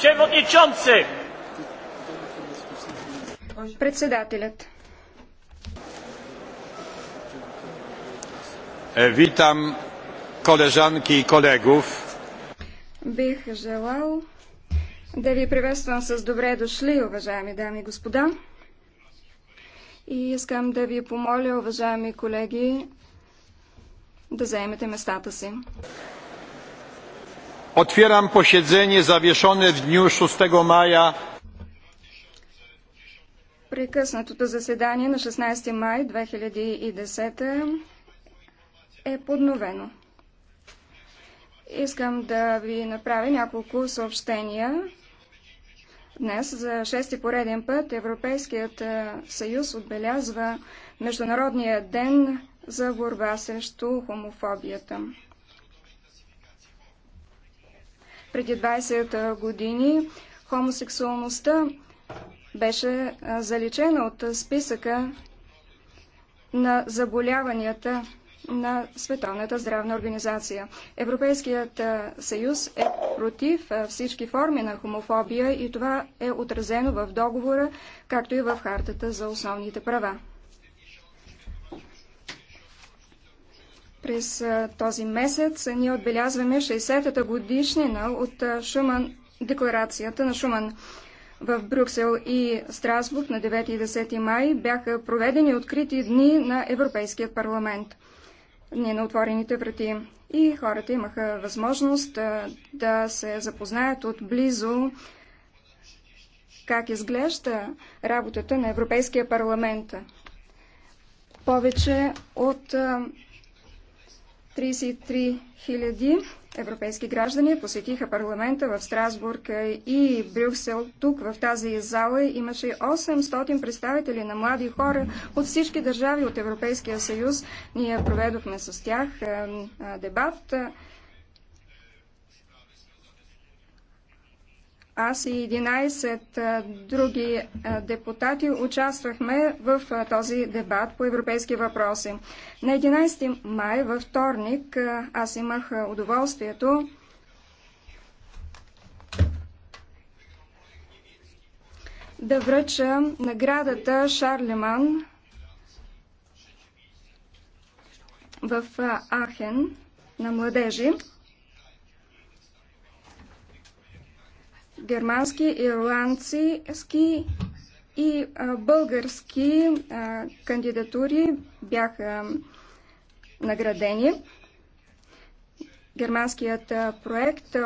Przewodniczący! Председателят. Witam koleżanki i kolegów. Бих желал да ви приветствам с добре дошли, уважаеми дами и господа. И искам да ви помоля, уважаеми колеги, да заемете местата си. Otwieram posiedzenie zawieszone w dniu 6 maja. Прекъснатото заседание на 16 май 2010 е подновено. Искам да ви направя няколко съобщения. Днес за шести пореден път Европейският съюз отбелязва Международния ден за борба срещу хомофобията. Преди 20 години хомосексуалността беше заличена от списъка на заболяванията на Световната здравна организация. Европейският съюз е против всички форми на хомофобия и това е отразено в договора, както и в хартата за основните права. През този месец ние отбелязваме 60-та годишнина от Шуман, декларацията на Шуман. В Брюксел и Страсбург на 9 и 10 май бяха проведени открити дни на Европейския парламент. Дни на отворените врати. И хората имаха възможност да се запознаят отблизо как изглежда работата на Европейския парламент. Повече от 33 000 европейски граждани посетиха парламента в Страсбург и Брюксел. Тук в тази зала имаше 800 представители на млади хора от всички държави от Европейския съюз. Ние проведохме с тях дебат. Аз и 11 други депутати участвахме в този дебат по европейски въпроси. На 11 май, във вторник, аз имах удоволствието да връча наградата Шарлеман в Ахен на младежи. германски, ирландски и български кандидатури бяха наградени. Германският проект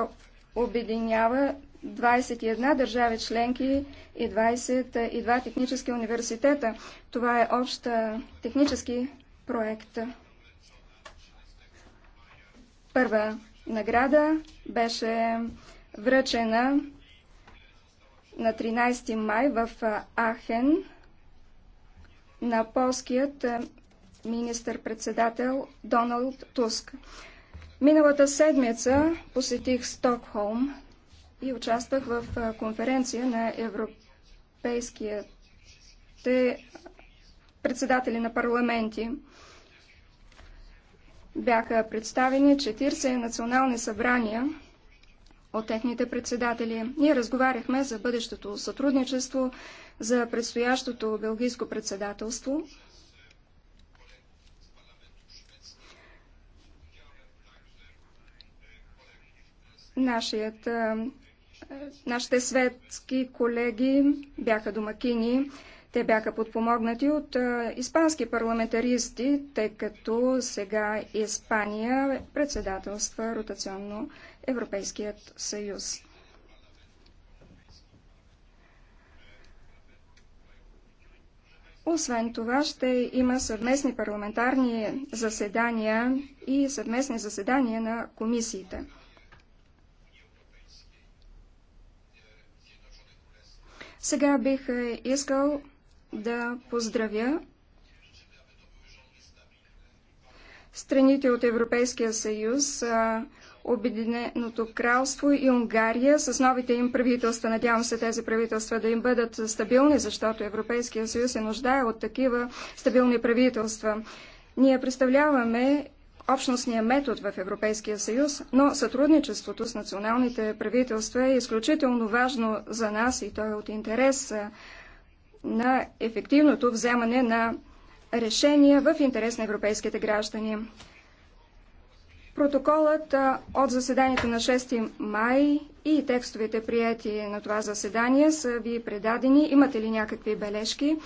обединява 21 държави членки и 22 технически университета. Това е общ технически проект. Първа награда беше връчена на 13 май в Ахен на полският министър-председател Доналд Туск. Миналата седмица посетих Стокхолм и участвах в конференция на европейските председатели на парламенти. Бяха представени 40 национални събрания от техните председатели. Ние разговаряхме за бъдещото сътрудничество, за предстоящото белгийско председателство. Нашият, нашите светски колеги бяха домакини те бяха подпомогнати от испански парламентаристи, тъй като сега Испания председателства ротационно Европейският съюз. Освен това ще има съвместни парламентарни заседания и съвместни заседания на комисиите. Сега бих искал да поздравя страните от Европейския съюз, Обединеното кралство и Унгария с новите им правителства. Надявам се тези правителства да им бъдат стабилни, защото Европейския съюз се нуждае от такива стабилни правителства. Ние представляваме общностния метод в Европейския съюз, но сътрудничеството с националните правителства е изключително важно за нас и то е от интерес на ефективното вземане на решения в интерес на европейските граждани. Протоколът от заседанието на 6 май и текстовете прияти на това заседание са ви предадени. Имате ли някакви бележки?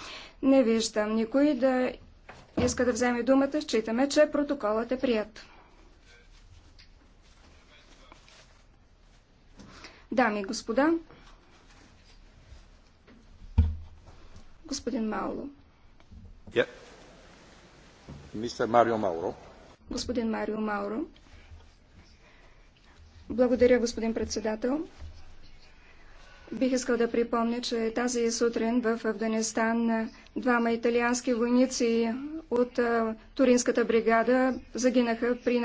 Не виждам никой да иска да вземе думата. Считаме, че протоколът е прият. Дами и господа, Господин Мауло. Мистер Марио Мауро. Господин Марио Мауро. Благодаря, господин председател. Бих искал да припомня, че тази сутрин в Афганистан двама италиански войници от Туринската бригада загинаха при нападение.